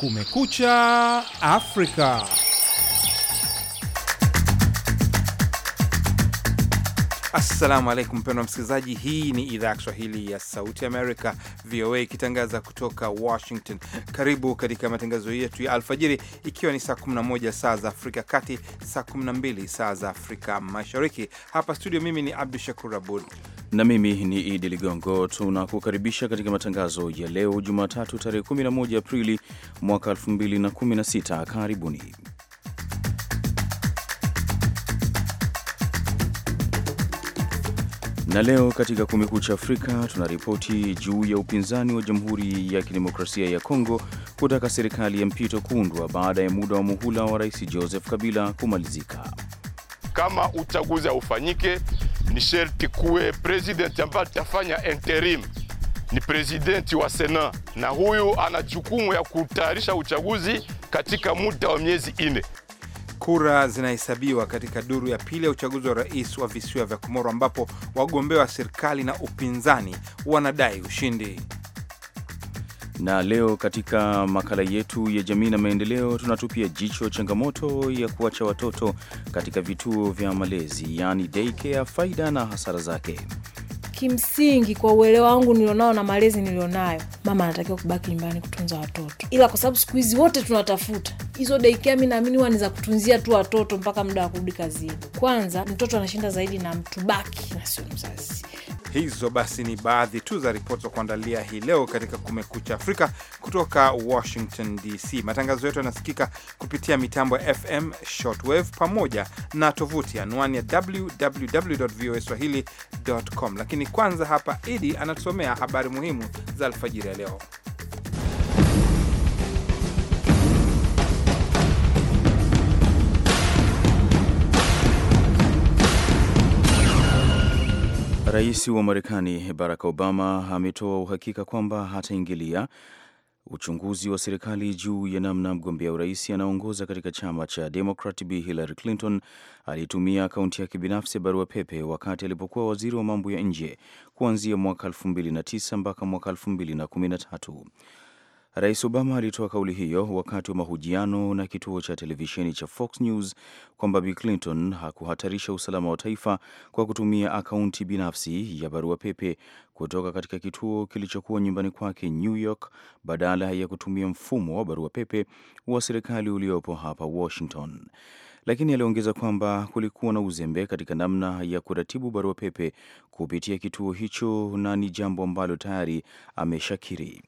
Kumekucha Afrika. Assalamu alaikum mpendwa msikilizaji, hii ni idhaa ya Kiswahili ya Sauti Amerika, VOA, ikitangaza kutoka Washington. Karibu katika matangazo yetu ya alfajiri, ikiwa ni saa 11 saa za Afrika Kati, saa 12 saa za Afrika Mashariki. Hapa studio, mimi ni Abdu Shakur Abud na mimi ni Idi Ligongo. Tunakukaribisha katika matangazo ya leo Jumatatu, tarehe 11 Aprili mwaka 2016. Karibuni. Na leo katika Kumekucha Afrika tuna ripoti juu ya upinzani wa Jamhuri ya Kidemokrasia ya Kongo kutaka serikali ya mpito kuundwa baada ya muda wa muhula wa Rais Joseph Kabila kumalizika. Kama uchaguzi haufanyike, ni sherti kuwe presidenti ambaye atafanya interim ni presidenti wa Sena, na huyu ana jukumu ya kutayarisha uchaguzi katika muda wa miezi ine. Kura zinahesabiwa katika duru ya pili ya uchaguzi wa rais wa visiwa vya Komoro ambapo wagombea wa serikali na upinzani wanadai ushindi. Na leo katika makala yetu ya jamii na maendeleo, tunatupia jicho changamoto ya kuacha watoto katika vituo vya malezi, yaani daycare, faida na hasara zake kimsingi kwa uelewa wangu nilionao na malezi nilionayo, mama anatakiwa kubaki nyumbani kutunza watoto, ila kwa sababu siku hizi wote tunatafuta hizo daycare, mi naamini huwa ni za kutunzia tu watoto mpaka muda wa kurudi kazini. Kwanza mtoto anashinda zaidi na mtu baki na sio mzazi Hizo basi ni baadhi tu za ripoti za kuandalia hii leo katika Kumekucha Afrika kutoka Washington DC. Matangazo yetu yanasikika kupitia mitambo ya FM, shortwave pamoja na tovuti anwani ya www voa swahili com. Lakini kwanza hapa Idi anatusomea habari muhimu za alfajiri ya leo. Rais wa Marekani Barack Obama ametoa uhakika kwamba hataingilia uchunguzi wa serikali juu ya namna mgombea urais anaongoza katika chama cha Demokrat b Hillary Clinton alitumia akaunti yake binafsi ya barua pepe wakati alipokuwa waziri wa mambo ya nje kuanzia mwaka 2009 mpaka mwaka 2013. Rais Obama alitoa kauli hiyo wakati wa mahojiano na kituo cha televisheni cha Fox News kwamba Bi Clinton hakuhatarisha usalama wa taifa kwa kutumia akaunti binafsi ya barua pepe kutoka katika kituo kilichokuwa nyumbani kwake New York badala ya kutumia mfumo wa barua pepe wa serikali uliopo hapa Washington. Lakini aliongeza kwamba kulikuwa na uzembe katika namna ya kuratibu barua pepe kupitia kituo hicho na ni jambo ambalo tayari ameshakiri.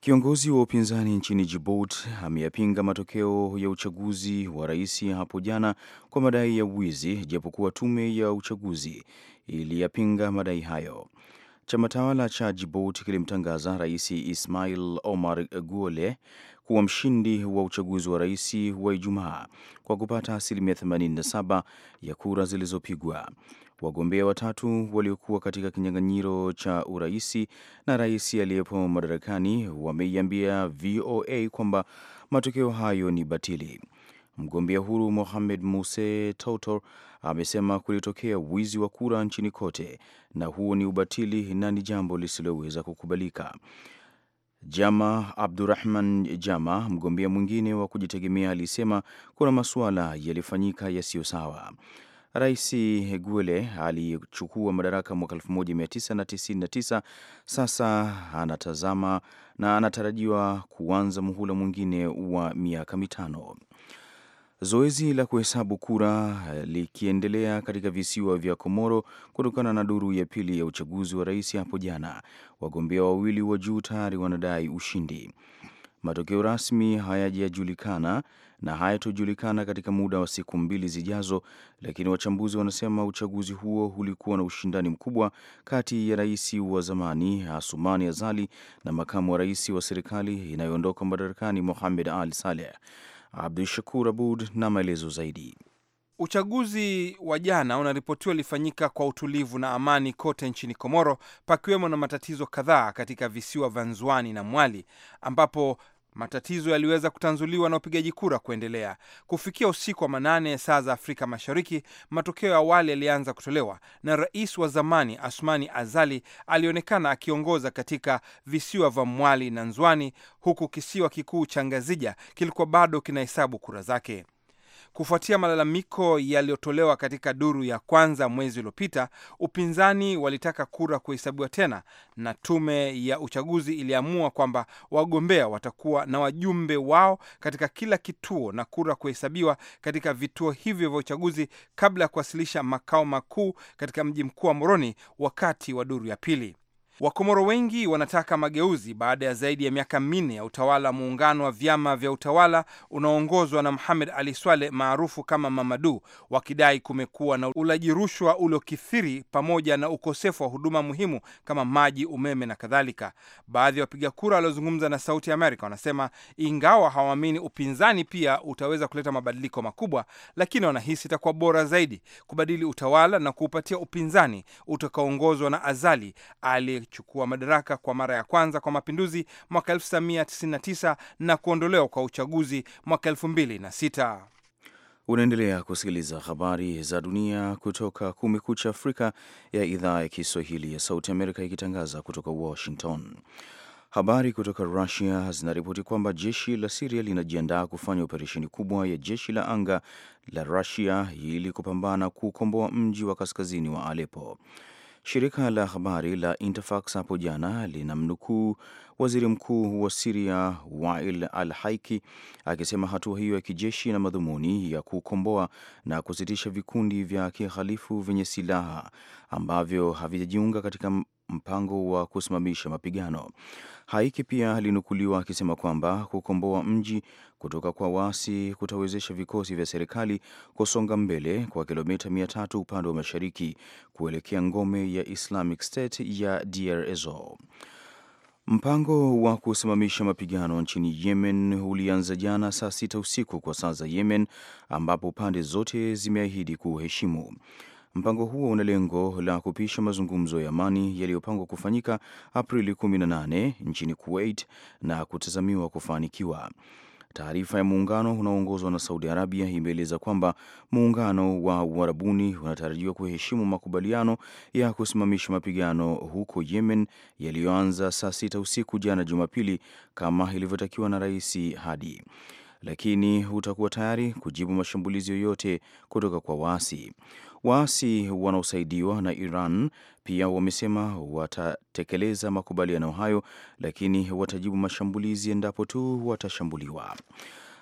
Kiongozi wa upinzani nchini Djibouti ameyapinga matokeo ya uchaguzi wa rais hapo jana kwa madai ya wizi, japokuwa tume ya uchaguzi iliyapinga madai hayo. Chama tawala cha Djibouti kilimtangaza Rais Ismail Omar Guelleh kuwa mshindi wa uchaguzi wa rais wa Ijumaa kwa kupata asilimia 87 ya kura zilizopigwa. Wagombea watatu waliokuwa katika kinyang'anyiro cha uraisi na rais aliyepo madarakani wameiambia VOA kwamba matokeo hayo ni batili. Mgombea huru Mohamed Muse Tautor amesema kulitokea wizi wa kura nchini kote na huo ni ubatili na ni jambo lisiloweza kukubalika. Jama Abdurahman Jama, mgombea mwingine wa kujitegemea, alisema kuna masuala yalifanyika yasiyo sawa. Rais Guele alichukua madaraka mwaka 1999. Sasa anatazama na anatarajiwa kuanza muhula mwingine wa miaka mitano. Zoezi la kuhesabu kura likiendelea katika visiwa vya Komoro kutokana na duru ya pili ya uchaguzi wa rais hapo jana. Wagombea wawili wa juu tayari wanadai ushindi. Matokeo rasmi hayajajulikana na hayatojulikana katika muda wa siku mbili zijazo, lakini wachambuzi wanasema uchaguzi huo ulikuwa na ushindani mkubwa kati ya rais wa zamani Asumani Azali na makamu wa rais wa serikali inayoondoka madarakani Mohamed al Saleh. Abdu Shakur Abud na maelezo zaidi. Uchaguzi wa jana unaripotiwa ulifanyika kwa utulivu na amani kote nchini Komoro, pakiwemo na matatizo kadhaa katika visiwa vya Nzwani na Mwali ambapo matatizo yaliweza kutanzuliwa na upigaji kura kuendelea. Kufikia usiku wa manane saa za Afrika Mashariki, matokeo ya awali yalianza kutolewa na rais wa zamani Asmani Azali alionekana akiongoza katika visiwa vya Mwali na Nzwani, huku kisiwa kikuu cha Ngazija kilikuwa bado kinahesabu kura zake. Kufuatia malalamiko yaliyotolewa katika duru ya kwanza mwezi uliopita, upinzani walitaka kura kuhesabiwa tena, na tume ya uchaguzi iliamua kwamba wagombea watakuwa na wajumbe wao katika kila kituo na kura kuhesabiwa katika vituo hivyo vya uchaguzi kabla ya kuwasilisha makao makuu katika mji mkuu wa Moroni wakati wa duru ya pili. Wakomoro wengi wanataka mageuzi baada ya zaidi ya miaka minne ya utawala muungano wa vyama vya utawala unaoongozwa na Muhamed Ali swale maarufu kama Mamadu, wakidai kumekuwa na ulaji rushwa uliokithiri pamoja na ukosefu wa huduma muhimu kama maji, umeme na kadhalika. Baadhi ya wapiga kura waliozungumza na Sauti ya Amerika wanasema ingawa hawaamini upinzani pia utaweza kuleta mabadiliko makubwa, lakini wanahisi itakuwa bora zaidi kubadili utawala na kuupatia upinzani utakaoongozwa na Azali ali alichukua madaraka kwa mara ya kwanza kwa mapinduzi mwaka 1999 na kuondolewa kwa uchaguzi mwaka 2006. Unaendelea kusikiliza habari za dunia kutoka Kumekucha Afrika ya idhaa ya Kiswahili ya Sauti Amerika ikitangaza kutoka Washington. Habari kutoka Rusia zinaripoti kwamba jeshi la Siria linajiandaa kufanya operesheni kubwa ya jeshi la anga la Rusia ili kupambana kuukomboa mji wa kaskazini wa Alepo. Shirika la habari la Interfax hapo jana linamnukuu waziri mkuu wa Siria Wail al Haiki akisema hatua hiyo ya kijeshi na madhumuni ya kukomboa na kusitisha vikundi vya kihalifu vyenye silaha ambavyo havijajiunga katika mpango wa kusimamisha mapigano. Haiki pia alinukuliwa akisema kwamba kukomboa mji kutoka kwa waasi kutawezesha vikosi vya serikali kusonga mbele kwa kilomita mia tatu upande wa mashariki kuelekea ngome ya Islamic State ya Deir Ezzor. Mpango wa kusimamisha mapigano nchini Yemen ulianza jana saa sita usiku kwa saa za Yemen, ambapo pande zote zimeahidi kuheshimu Mpango huo una lengo la kupisha mazungumzo ya amani yaliyopangwa kufanyika Aprili 18 nchini Kuwait na kutazamiwa kufanikiwa. Taarifa ya muungano unaoongozwa na Saudi Arabia imeeleza kwamba muungano wa Uarabuni unatarajiwa kuheshimu makubaliano ya kusimamisha mapigano huko Yemen yaliyoanza saa sita usiku jana Jumapili kama ilivyotakiwa na Rais Hadi, lakini utakuwa tayari kujibu mashambulizi yoyote kutoka kwa waasi. Waasi wanaosaidiwa na Iran pia wamesema watatekeleza makubaliano hayo, lakini watajibu mashambulizi endapo tu watashambuliwa.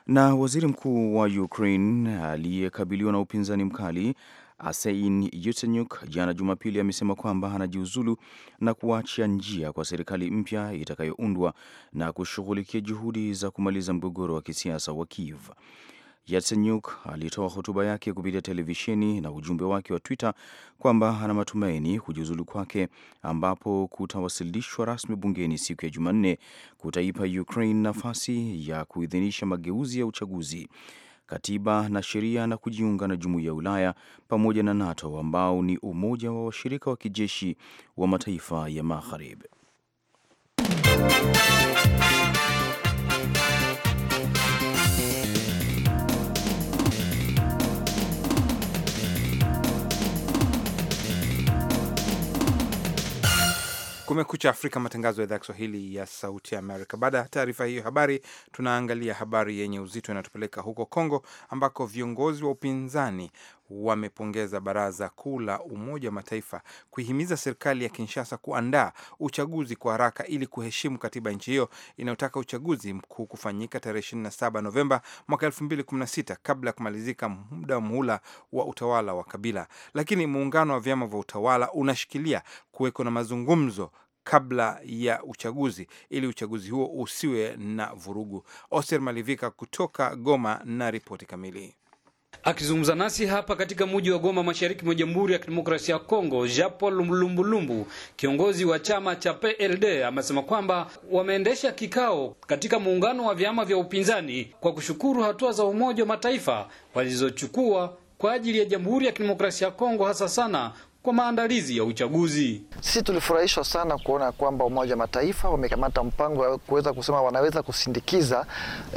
Na waziri mkuu wa Ukraine aliyekabiliwa na upinzani mkali Asein Yutsenyuk jana Jumapili amesema kwamba anajiuzulu na kuachia njia kwa serikali mpya itakayoundwa na kushughulikia juhudi za kumaliza mgogoro wa kisiasa wa Kiev. Yatsenyuk alitoa hotuba yake kupitia televisheni na ujumbe wake wa Twitter kwamba ana matumaini kujiuzulu kwake, ambapo kutawasilishwa rasmi bungeni siku ya Jumanne, kutaipa Ukraine nafasi ya kuidhinisha mageuzi ya uchaguzi katiba na sheria na kujiunga na jumuiya ya Ulaya pamoja na NATO ambao ni umoja wa washirika wa kijeshi wa mataifa ya Magharibi. Kumekucha Afrika, matangazo ya idhaa ya Kiswahili ya Sauti ya Amerika. Baada ya taarifa hiyo habari, tunaangalia habari yenye uzito inatupeleka huko Kongo, ambako viongozi wa upinzani wamepongeza Baraza Kuu la Umoja wa Mataifa kuihimiza serikali ya Kinshasa kuandaa uchaguzi kwa haraka ili kuheshimu katiba nchi hiyo inayotaka uchaguzi mkuu kufanyika tarehe 27 Novemba mwaka 2016 kabla ya kumalizika muda wa muhula wa utawala wa Kabila. Lakini muungano wa vyama vya utawala unashikilia kuweko na mazungumzo kabla ya uchaguzi ili uchaguzi huo usiwe na vurugu. Oster Malivika kutoka Goma na ripoti kamili. Akizungumza nasi hapa katika mji wa Goma, mashariki mwa Jamhuri ya Kidemokrasia ya Kongo, Jean Paul Lumbulumbu, kiongozi wa chama cha PLD, amesema kwamba wameendesha kikao katika muungano wa vyama vya upinzani kwa kushukuru hatua za Umoja wa Mataifa walizochukua kwa ajili ya Jamhuri ya Kidemokrasia ya Kongo, hasa sana kwa maandalizi ya uchaguzi. Sisi tulifurahishwa sana kuona kwamba Umoja wa Mataifa wamekamata mpango wa kuweza kusema wanaweza kusindikiza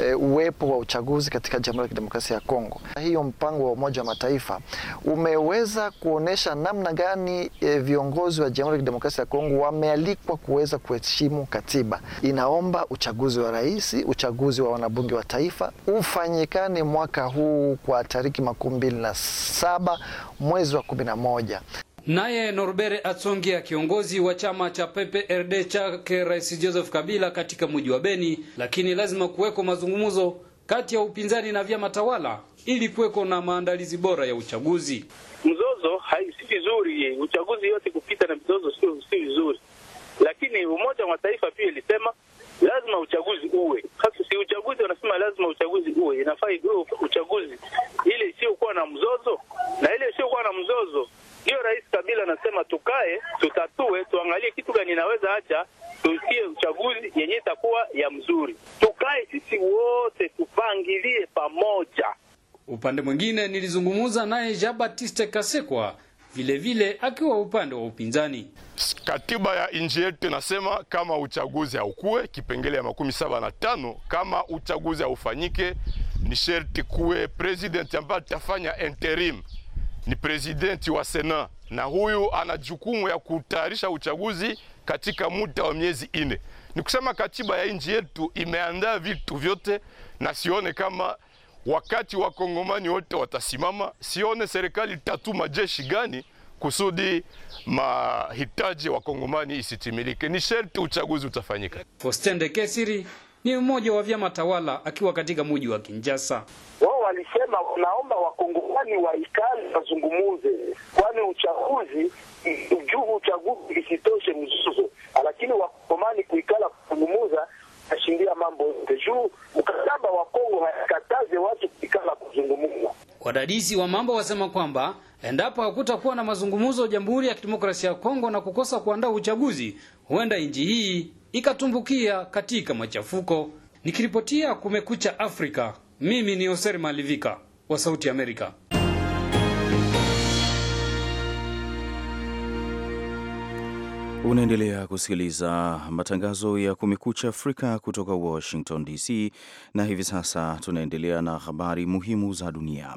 e, uwepo wa uchaguzi katika Jamhuri ya Kidemokrasia ya Kongo. Hiyo mpango wa Umoja wa Mataifa umeweza kuonesha namna gani e, viongozi wa Jamhuri ya Kidemokrasia ya Kongo wamealikwa kuweza kuheshimu katiba. Inaomba uchaguzi wa rais, uchaguzi wa wanabunge wa taifa ufanyikane mwaka huu kwa tariki makumi mbili na saba mwezi wa kumi na moja. Naye Norbert Atsongia, kiongozi wa chama cha PPRD chake Rais Joseph Kabila katika mji wa Beni, lakini lazima kuweko mazungumzo kati ya upinzani na vyama tawala ili kuweko na maandalizi bora ya uchaguzi. Mzozo hai si vizuri, uchaguzi yote kupita na mzozo si vizuri, lakini Umoja wa Mataifa pia ilisema lazima uchaguzi uwe hasa, si uchaguzi wanasema lazima uchaguzi uwe, inafaa uchaguzi ile isiyokuwa na mzozo na ile isiyokuwa na mzozo hiyo Rais Kabila anasema tukae, tutatue, tuangalie kitu gani inaweza acha, tusikie uchaguzi yenye itakuwa ya mzuri. Tukae sisi wote tupangilie pamoja. Upande mwingine nilizungumza naye Jean Baptiste Kasekwa vilevile akiwa upande wa upinzani. Katiba ya nchi yetu inasema kama uchaguzi haukuwe, kipengele ya makumi saba na tano, kama uchaguzi haufanyike ni sherti kuwe president ambaye atafanya interim ni presidenti wa Sena na huyu ana jukumu ya kutayarisha uchaguzi katika muda wa miezi ine. Ni kusema katiba ya nchi yetu imeandaa vitu vyote, na sione kama wakati wa kongomani wote watasimama, sione serikali itatuma jeshi gani kusudi mahitaji wa kongomani isitimilike. Ni sherti uchaguzi utafanyika. Faustin Kesiri ni mmoja wa vyama tawala akiwa katika muji wa Kinjasa. Wao walisema wanaomba wakongo Nadhani waikali wazungumuze, kwani uchaguzi juu uchaguzi isitoshe mzuzo, lakini wakomani kuikala kuzungumuza ashindia mambo yote juu mkataba wa Kongo haikataze watu kuikala kuzungumuza. Wadadisi wa mambo wasema kwamba endapo hakutakuwa na mazungumzo Jamhuri ya Kidemokrasia ya Kongo na kukosa kuandaa uchaguzi, huenda nchi hii ikatumbukia katika machafuko. Nikiripotia Kumekucha Afrika, mimi ni Hoser Malivika wa Sauti Amerika. Unaendelea kusikiliza matangazo ya Kumekucha Afrika kutoka Washington DC, na hivi sasa tunaendelea na habari muhimu za dunia.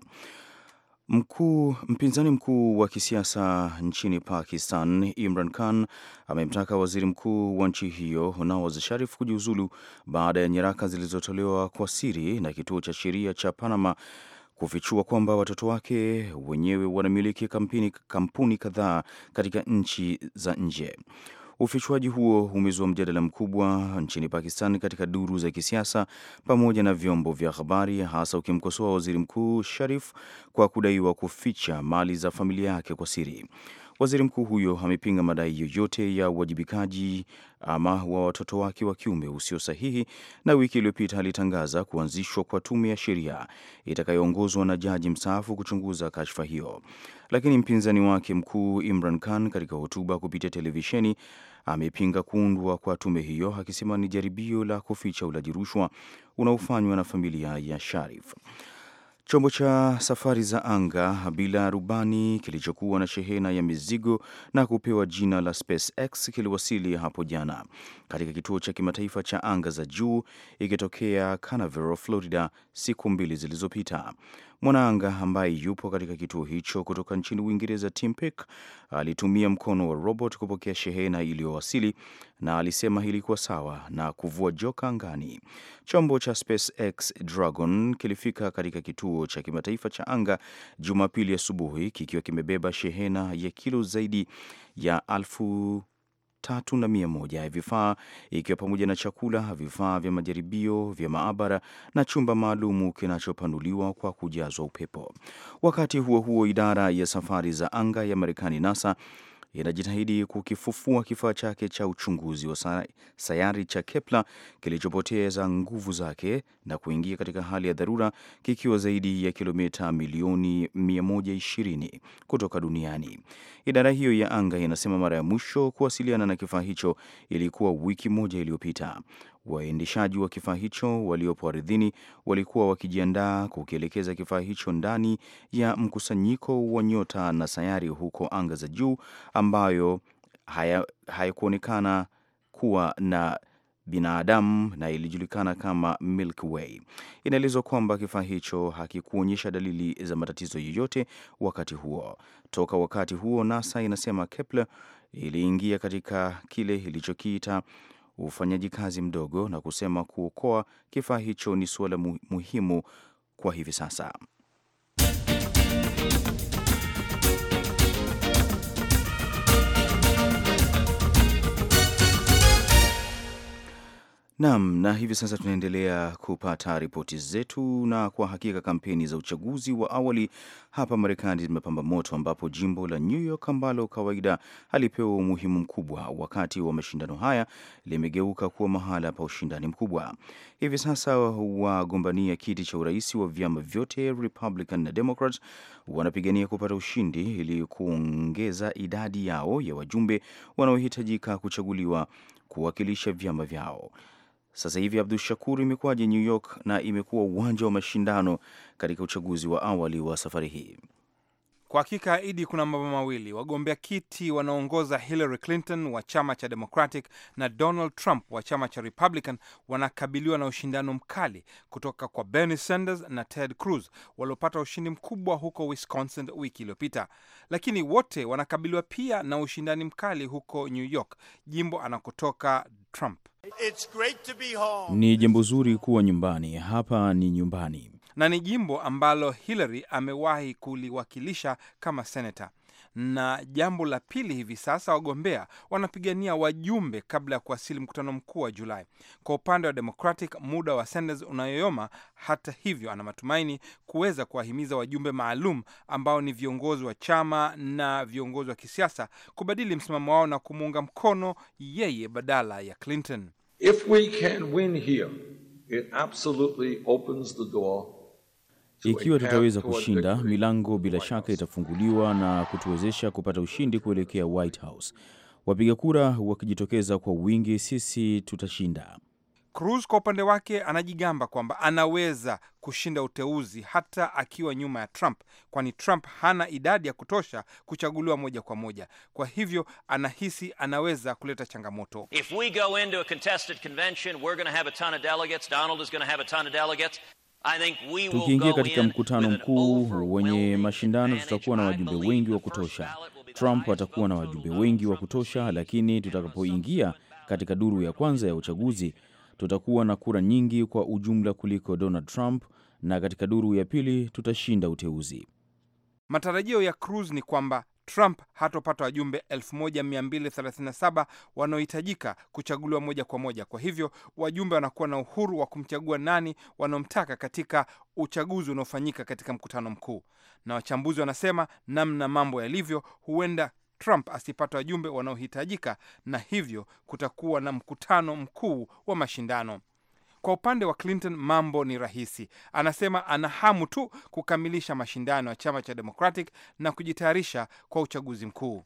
Mkuu mpinzani mkuu wa kisiasa nchini Pakistan Imran Khan amemtaka waziri mkuu wa nchi hiyo Nawaz Sharif kujiuzulu baada ya nyaraka zilizotolewa kwa siri na kituo cha sheria cha Panama kufichua kwamba watoto wake wenyewe wanamiliki kampuni, kampuni kadhaa katika nchi za nje. Ufichuaji huo umezua mjadala mkubwa nchini Pakistan katika duru za kisiasa pamoja na vyombo vya habari, hasa ukimkosoa waziri mkuu Sharif kwa kudaiwa kuficha mali za familia yake kwa siri. Waziri mkuu huyo amepinga madai yoyote ya uwajibikaji ama wa watoto wake wa kiume usio sahihi, na wiki iliyopita alitangaza kuanzishwa kwa tume ya sheria itakayoongozwa na jaji mstaafu kuchunguza kashfa hiyo. Lakini mpinzani wake mkuu Imran Khan, katika hotuba kupitia televisheni, amepinga kuundwa kwa tume hiyo, akisema ni jaribio la kuficha ulaji rushwa unaofanywa na familia ya Sharif. Chombo cha safari za anga bila rubani kilichokuwa na shehena ya mizigo na kupewa jina la SpaceX kiliwasili hapo jana katika kituo cha kimataifa cha anga za juu ikitokea Canaveral, Florida siku mbili zilizopita. Mwanaanga ambaye yupo katika kituo hicho kutoka nchini Uingereza, Tim Peck alitumia mkono wa robot kupokea shehena iliyowasili na alisema ilikuwa sawa na kuvua joka angani. Chombo cha SpaceX Dragon kilifika katika kituo cha kimataifa cha anga Jumapili asubuhi kikiwa kimebeba shehena ya kilo zaidi ya alfu tatu na mia moja ya vifaa ikiwa pamoja na chakula, vifaa vya majaribio vya maabara na chumba maalumu kinachopanuliwa kwa kujazwa upepo. Wakati huo huo, idara ya safari za anga ya Marekani NASA inajitahidi kukifufua kifaa chake cha uchunguzi wa sayari cha Kepler kilichopoteza nguvu zake na kuingia katika hali ya dharura kikiwa zaidi ya kilomita milioni 120 kutoka duniani. Idara hiyo ya anga inasema mara ya mwisho kuwasiliana na kifaa hicho ilikuwa wiki moja iliyopita. Waendeshaji wa kifaa hicho waliopo ardhini walikuwa wakijiandaa kukielekeza kifaa hicho ndani ya mkusanyiko wa nyota na sayari huko anga za juu ambayo hayakuonekana haya kuwa na binadamu na ilijulikana kama Milky Way. Inaelezwa kwamba kifaa hicho hakikuonyesha dalili za matatizo yoyote wakati huo. Toka wakati huo, NASA inasema Kepler iliingia katika kile ilichokiita ufanyaji kazi mdogo na kusema kuokoa kifaa hicho ni suala muhimu kwa hivi sasa. Naam, na hivi sasa tunaendelea kupata ripoti zetu, na kwa hakika kampeni za uchaguzi wa awali hapa Marekani zimepamba moto, ambapo jimbo la New York ambalo kawaida halipewa umuhimu mkubwa wakati wa mashindano haya limegeuka kuwa mahala pa ushindani mkubwa. Hivi sasa wagombania kiti cha urais wa vyama vyote Republican na Democrat wanapigania kupata ushindi ili kuongeza idadi yao ya wajumbe wanaohitajika kuchaguliwa kuwakilisha vyama vyao. Sasa hivi Abdu Shakur, imekuwaje New York na imekuwa uwanja wa mashindano katika uchaguzi wa awali wa safari hii? Kwa hakika Idi, kuna mambo mawili. Wagombea kiti wanaoongoza Hillary Clinton wa chama cha Democratic na Donald Trump wa chama cha Republican wanakabiliwa na ushindano mkali kutoka kwa Bernie Sanders na Ted Cruz waliopata ushindi mkubwa huko Wisconsin wiki iliyopita, lakini wote wanakabiliwa pia na ushindani mkali huko New York, jimbo anakotoka Trump. It's great to be home. Ni jambo zuri kuwa nyumbani. Hapa ni nyumbani na ni jimbo ambalo Hillary amewahi kuliwakilisha kama senata. Na jambo la pili, hivi sasa wagombea wanapigania wajumbe kabla ya kuwasili mkutano mkuu wa Julai. Kwa upande wa Democratic, muda wa Sanders unayoyoma. Hata hivyo, ana matumaini kuweza kuwahimiza wajumbe maalum ambao ni viongozi wa chama na viongozi wa kisiasa kubadili msimamo wao na kumuunga mkono yeye badala ya Clinton. If we can win here, it absolutely opens the door ikiwa tutaweza kushinda, milango bila shaka itafunguliwa na kutuwezesha kupata ushindi kuelekea White House. Wapiga kura wakijitokeza kwa wingi, sisi tutashinda. Cruz kwa upande wake anajigamba kwamba anaweza kushinda uteuzi hata akiwa nyuma ya Trump, kwani Trump hana idadi ya kutosha kuchaguliwa moja kwa moja. Kwa hivyo anahisi anaweza kuleta changamoto. Tukiingia katika mkutano mkuu wenye mashindano, tutakuwa na wajumbe wengi wa kutosha. Trump atakuwa na wajumbe wengi wa kutosha, lakini tutakapoingia katika duru ya kwanza ya uchaguzi tutakuwa na kura nyingi kwa ujumla kuliko Donald Trump, na katika duru ya pili tutashinda uteuzi. Matarajio ya Cruz ni kwamba Trump hatopata wajumbe 1237 wanaohitajika kuchaguliwa moja kwa moja. Kwa hivyo wajumbe wanakuwa na uhuru wa kumchagua nani wanaomtaka katika uchaguzi unaofanyika katika mkutano mkuu. Na wachambuzi wanasema namna mambo yalivyo, huenda Trump asipata wajumbe wanaohitajika, na hivyo kutakuwa na mkutano mkuu wa mashindano. Kwa upande wa Clinton mambo ni rahisi, anasema ana hamu tu kukamilisha mashindano ya chama cha Democratic na kujitayarisha kwa uchaguzi mkuu.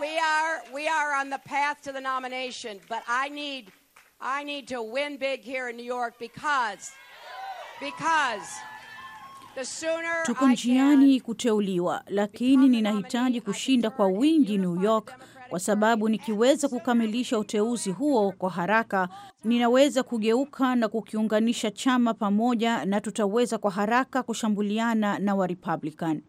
We are, we are on the path to the nomination, but I need, I need to win big here in New York because, because tuko njiani kuteuliwa, lakini ninahitaji kushinda kwa wingi New York kwa sababu nikiweza kukamilisha uteuzi huo kwa haraka, ninaweza kugeuka na kukiunganisha chama pamoja, na tutaweza kwa haraka kushambuliana na Warepublican.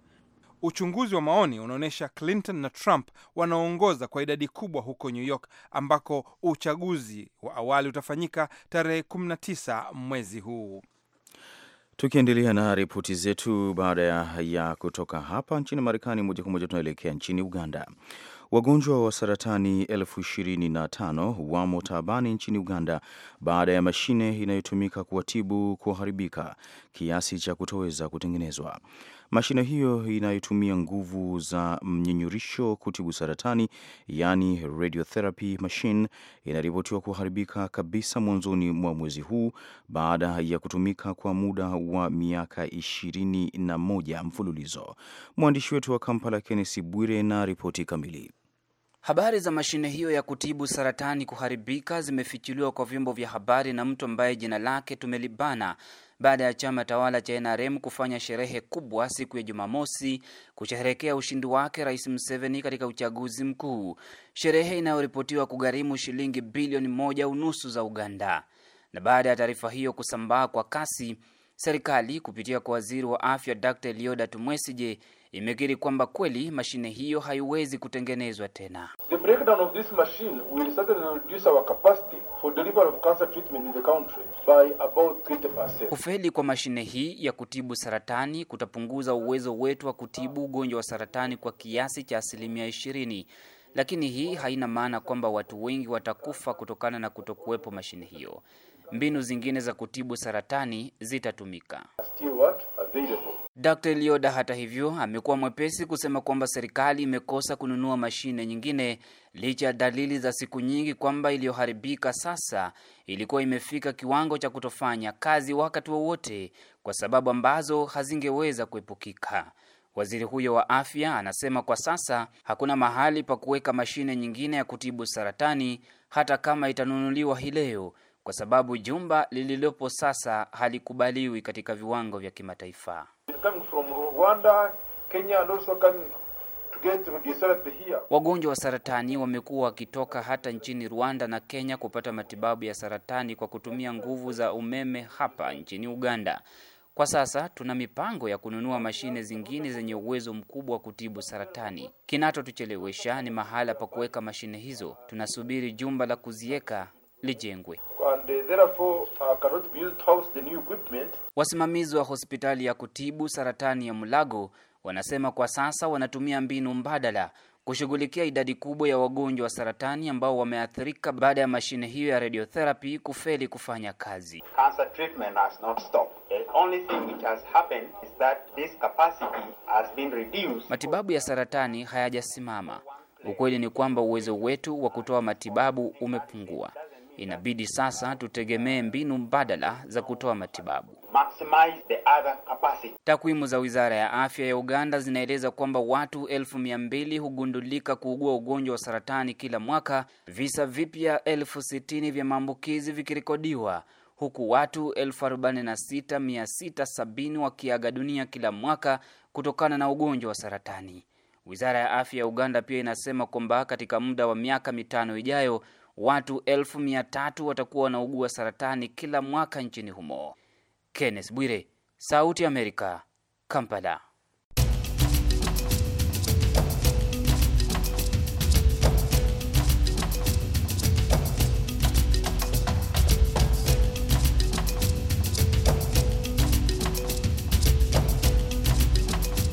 Uchunguzi wa maoni unaonyesha Clinton na Trump wanaongoza kwa idadi kubwa huko New York ambako uchaguzi wa awali utafanyika tarehe 19 mwezi huu. Tukiendelea na ripoti zetu baada ya kutoka hapa nchini Marekani, moja kwa moja tunaelekea nchini Uganda. Wagonjwa wa saratani elfu ishirini na tano wamo taabani nchini Uganda baada ya mashine inayotumika kuwatibu kuharibika kiasi cha kutoweza kutengenezwa. Mashine hiyo inayotumia nguvu za mnyunyurisho kutibu saratani, yani radiotherapy machine, inaripotiwa kuharibika kabisa mwanzoni mwa mwezi huu baada ya kutumika kwa muda wa miaka ishirini na moja mfululizo. Mwandishi wetu wa Kampala, Kennesi Bwire, na ripoti kamili. Habari za mashine hiyo ya kutibu saratani kuharibika zimefichuliwa kwa vyombo vya habari na mtu ambaye jina lake tumelibana baada ya chama tawala cha NRM kufanya sherehe kubwa siku ya Jumamosi kusherehekea ushindi wake Rais Museveni katika uchaguzi mkuu, sherehe inayoripotiwa kugharimu shilingi bilioni moja unusu za Uganda. Na baada ya taarifa hiyo kusambaa kwa kasi, serikali kupitia kwa waziri wa afya Dr. Elioda Tumwesije imekiri kwamba kweli mashine hiyo haiwezi kutengenezwa tena. The breakdown of this machine will certainly reduce our capacity for delivery of cancer treatment in the country by about 30%. Kufeli kwa mashine hii ya kutibu saratani kutapunguza uwezo wetu wa kutibu ugonjwa wa saratani kwa kiasi cha asilimia ishirini. Lakini hii haina maana kwamba watu wengi watakufa kutokana na kutokuwepo mashine hiyo. Mbinu zingine za kutibu saratani zitatumika. Still what available. Dr. Elioda hata hivyo amekuwa mwepesi kusema kwamba serikali imekosa kununua mashine nyingine licha ya dalili za siku nyingi kwamba iliyoharibika sasa ilikuwa imefika kiwango cha kutofanya kazi wakati wowote kwa sababu ambazo hazingeweza kuepukika. Waziri huyo wa afya anasema kwa sasa hakuna mahali pa kuweka mashine nyingine ya kutibu saratani hata kama itanunuliwa hii leo kwa sababu jumba lililopo sasa halikubaliwi katika viwango vya kimataifa. Wagonjwa wa saratani wamekuwa wakitoka hata nchini Rwanda na Kenya kupata matibabu ya saratani kwa kutumia nguvu za umeme hapa nchini Uganda. Kwa sasa tuna mipango ya kununua mashine zingine zenye uwezo mkubwa wa kutibu saratani. Kinatotuchelewesha ni mahala pa kuweka mashine hizo. Tunasubiri jumba la kuziweka lijengwe. Uh, Wasimamizi wa hospitali ya kutibu saratani ya Mulago wanasema kwa sasa wanatumia mbinu mbadala kushughulikia idadi kubwa ya wagonjwa wa saratani ambao wameathirika baada ya mashine hiyo ya radiotherapy kufeli kufanya kazi. Cancer treatment has not stopped. The only thing which has happened is that this capacity has been reduced. Matibabu ya saratani hayajasimama. Ukweli ni kwamba uwezo wetu wa kutoa matibabu umepungua. Inabidi sasa tutegemee mbinu mbadala za kutoa matibabu. Takwimu za Wizara ya Afya ya Uganda zinaeleza kwamba watu elfu mia mbili hugundulika kuugua ugonjwa wa saratani kila mwaka, visa vipya elfu sitini vya maambukizi vikirekodiwa huku watu 46670 wakiaga dunia kila mwaka kutokana na ugonjwa wa saratani. Wizara ya Afya ya Uganda pia inasema kwamba katika muda wa miaka mitano ijayo watu elfu mia tatu watakuwa wanaugua saratani kila mwaka nchini humo. Kenneth Bwire, Sauti Amerika, Kampala.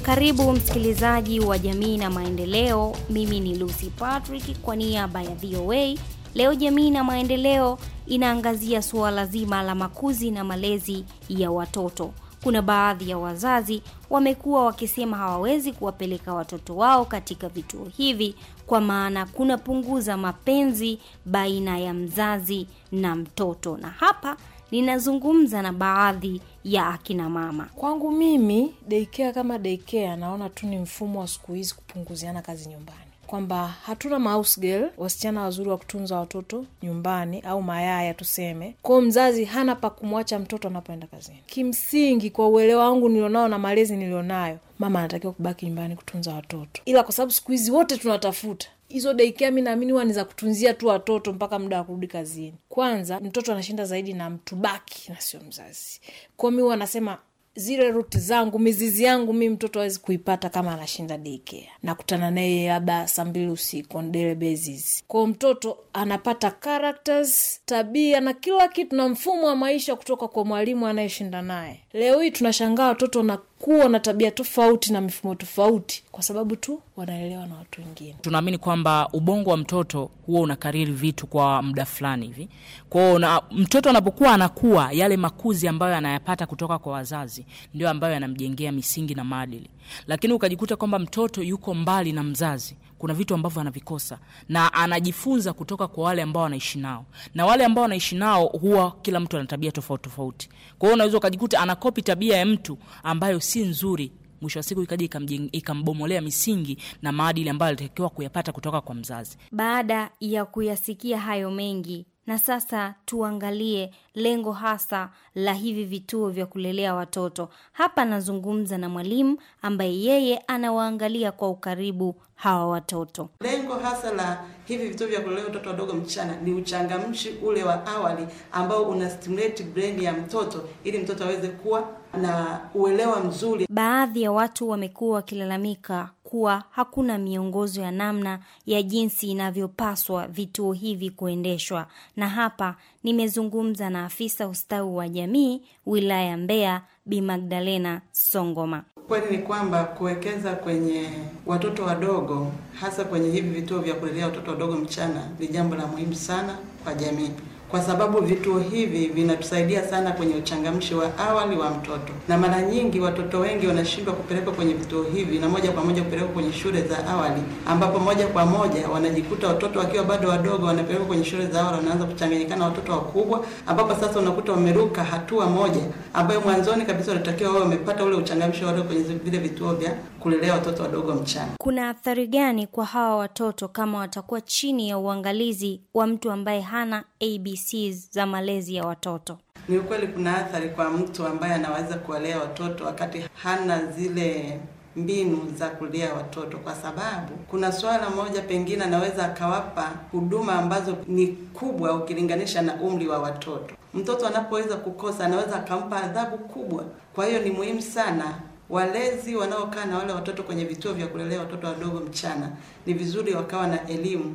Karibu msikilizaji wa Jamii na Maendeleo. Mimi ni Lucy Patrick kwa niaba ya VOA Leo jamii na maendeleo inaangazia suala zima la makuzi na malezi ya watoto. Kuna baadhi ya wazazi wamekuwa wakisema hawawezi kuwapeleka watoto wao katika vituo hivi kwa maana kunapunguza mapenzi baina ya mzazi na mtoto, na hapa ninazungumza na baadhi ya akina mama. Kwangu mimi, daycare kama daycare, naona tu ni mfumo wa siku hizi kupunguziana kazi nyumbani kwamba hatuna mouse girl, wasichana wazuri wa kutunza watoto nyumbani au mayaya tuseme. Kwao mzazi hana pa kumwacha mtoto anapoenda kazini. Kimsingi, kwa uelewa wangu nilionao na malezi nilionayo, mama anatakiwa kubaki nyumbani kutunza watoto, ila kwa sababu siku hizi wote tunatafuta hizo deikea mi naamini huwa ni za kutunzia tu watoto mpaka muda wa kurudi kazini. Kwanza mtoto anashinda zaidi na mtu baki na sio mzazi. Kwao mi huwa nasema zile ruti zangu mizizi yangu mi mtoto awezi kuipata kama anashinda daycare nakutana naye labda saa mbili usiku basis kwao mtoto anapata characters tabia na kila kitu na mfumo wa maisha kutoka kwa mwalimu anayeshinda naye leo hii tunashangaa watoto na kuwa na tabia tofauti na mifumo tofauti, kwa sababu tu wanaelewa na watu wengine. Tunaamini kwamba ubongo wa mtoto huwa unakariri vitu kwa muda fulani hivi. Kwao na mtoto anapokuwa anakuwa, yale makuzi ambayo anayapata kutoka kwa wazazi ndio ambayo yanamjengea misingi na maadili, lakini ukajikuta kwamba mtoto yuko mbali na mzazi, kuna vitu ambavyo anavikosa na anajifunza kutoka kwa wale ambao anaishi nao, na wale ambao anaishi nao huwa kila mtu ana tabia tofauti tofauti. Kwa hiyo unaweza ukajikuta anakopi tabia ya mtu ambayo si nzuri mwisho wa siku ikaja ikambomolea misingi na maadili ambayo alitakiwa kuyapata kutoka kwa mzazi. Baada ya kuyasikia hayo mengi, na sasa tuangalie lengo hasa la hivi vituo vya kulelea watoto. Hapa nazungumza na mwalimu ambaye yeye anawaangalia kwa ukaribu hawa watoto. Lengo hasa la hivi vituo vya kulelea watoto wadogo mchana ni uchangamshi ule wa awali ambao una stimulate brain ya mtoto ili mtoto aweze kuwa na uelewa mzuri. Baadhi ya watu wamekuwa wakilalamika kuwa hakuna miongozo ya namna ya jinsi inavyopaswa vituo hivi kuendeshwa, na hapa nimezungumza na afisa ustawi wa jamii wilaya ya Mbeya Bi Magdalena Songoma. Kweli ni kwamba kuwekeza kwenye watoto wadogo, hasa kwenye hivi vituo vya kulelea watoto wadogo mchana, ni jambo la muhimu sana kwa jamii kwa sababu vituo hivi vinatusaidia sana kwenye uchangamshi wa awali wa mtoto, na mara nyingi watoto wengi wanashindwa kupelekwa kwenye vituo hivi na moja kwa moja kupelekwa kwenye shule za awali, ambapo moja kwa moja wanajikuta watoto wakiwa bado wadogo wanapelekwa kwenye shule za awali, wanaanza kuchanganyikana watoto wakubwa, ambapo sasa unakuta wameruka hatua moja ambayo mwanzoni kabisa wanatakiwa wao wamepata ule uchangamshi wao kwenye vile vituo vya kulelea watoto wadogo mchana. Kuna athari gani kwa hawa watoto kama watakuwa chini ya uangalizi wa mtu ambaye hana ABCs za malezi ya watoto? Ni ukweli kuna athari kwa mtu ambaye anaweza kuwalea watoto wakati hana zile mbinu za kulea watoto, kwa sababu kuna swala moja, pengine anaweza akawapa huduma ambazo ni kubwa ukilinganisha na umri wa watoto. Mtoto anapoweza kukosa, anaweza akampa adhabu kubwa. Kwa hiyo ni muhimu sana Walezi wanaokaa na wale watoto kwenye vituo vya kulelea watoto wadogo mchana, ni vizuri wakawa na elimu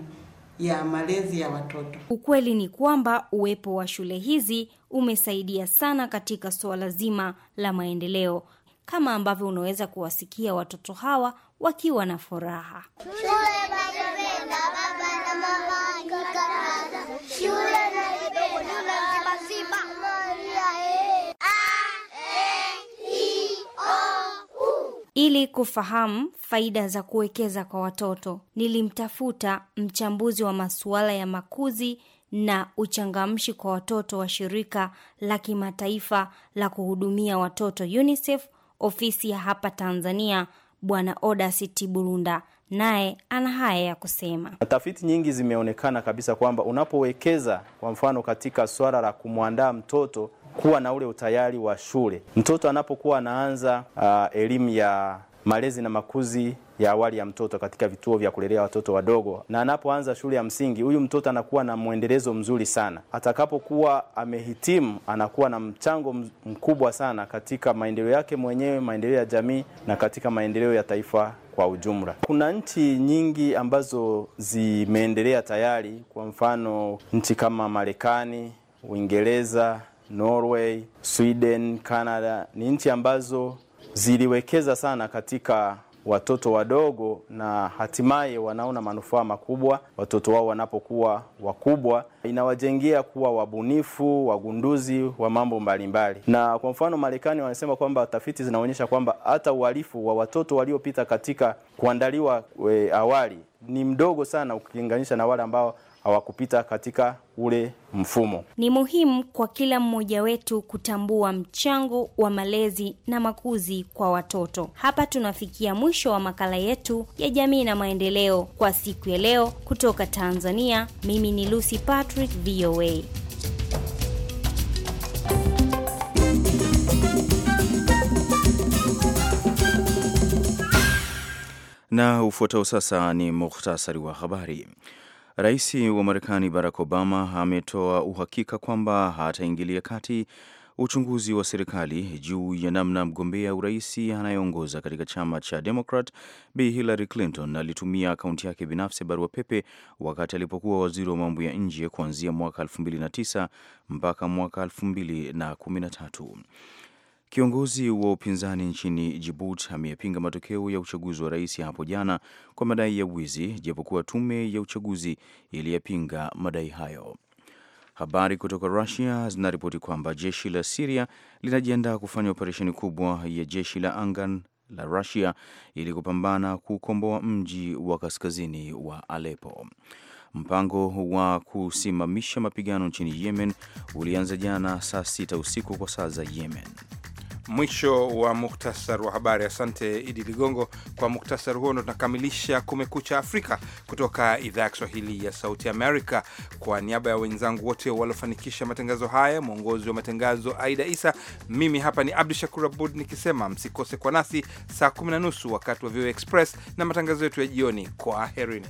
ya malezi ya watoto. Ukweli ni kwamba uwepo wa shule hizi umesaidia sana katika suala zima la maendeleo, kama ambavyo unaweza kuwasikia watoto hawa wakiwa na furaha. Shule, Ili kufahamu faida za kuwekeza kwa watoto, nilimtafuta mchambuzi wa masuala ya makuzi na uchangamshi kwa watoto wa shirika la kimataifa la kuhudumia watoto UNICEF ofisi ya hapa Tanzania, Bwana odasi tiburunda naye ana haya ya kusema. Tafiti nyingi zimeonekana kabisa kwamba unapowekeza kwa mfano katika swala la kumwandaa mtoto kuwa na ule utayari wa shule, mtoto anapokuwa anaanza uh, elimu ya malezi na makuzi ya awali ya mtoto katika vituo vya kulelea watoto wadogo, na anapoanza shule ya msingi, huyu mtoto anakuwa na mwendelezo mzuri sana. Atakapokuwa amehitimu, anakuwa na mchango mkubwa sana katika maendeleo yake mwenyewe, maendeleo ya jamii na katika maendeleo ya taifa kwa ujumla. Kuna nchi nyingi ambazo zimeendelea tayari, kwa mfano nchi kama Marekani, Uingereza, Norway, Sweden, Canada ni nchi ambazo ziliwekeza sana katika watoto wadogo na hatimaye wanaona manufaa makubwa watoto wao wanapokuwa wakubwa. Inawajengea kuwa wabunifu, wagunduzi wa mambo mbalimbali. Na kwa mfano, Marekani wanasema kwamba tafiti zinaonyesha kwamba hata uhalifu wa watoto waliopita katika kuandaliwa eh, awali ni mdogo sana ukilinganisha na wale ambao hawakupita katika ule mfumo. Ni muhimu kwa kila mmoja wetu kutambua mchango wa malezi na makuzi kwa watoto. Hapa tunafikia mwisho wa makala yetu ya jamii na maendeleo kwa siku ya leo kutoka Tanzania. Mimi ni Lucy Patrick, VOA. Na ufuatao sasa ni muhtasari wa habari. Rais wa Marekani Barack Obama ametoa uhakika kwamba hataingilia kati uchunguzi wa serikali juu ya namna mgombea urais anayeongoza katika chama cha Democrat Bi Hillary Clinton alitumia akaunti yake binafsi barua pepe wakati alipokuwa waziri wa mambo ya nje kuanzia mwaka 2009 mpaka mwaka 2013. Kiongozi wa upinzani nchini Djibouti ameyapinga matokeo ya uchaguzi wa rais hapo jana kwa madai ya wizi, japokuwa tume ya uchaguzi iliyapinga madai hayo. Habari kutoka Rusia zinaripoti kwamba jeshi la Siria linajiandaa kufanya operesheni kubwa ya jeshi la angan la Rusia ili kupambana kukomboa mji wa kaskazini wa Alepo. Mpango wa kusimamisha mapigano nchini Yemen ulianza jana saa sita usiku kwa saa za Yemen. Mwisho wa muktasar wa habari. Asante Idi Ligongo kwa muktasari huo, ndo tunakamilisha Kumekucha Afrika kutoka idhaa ya Kiswahili ya Sauti Amerika. Kwa niaba ya wenzangu wote waliofanikisha matangazo haya, mwongozi wa matangazo Aida Isa, mimi hapa ni Abdu Shakur Abud nikisema msikose kwa nasi saa kumi na nusu wakati wa VOA Express na matangazo yetu ya jioni. kwa herini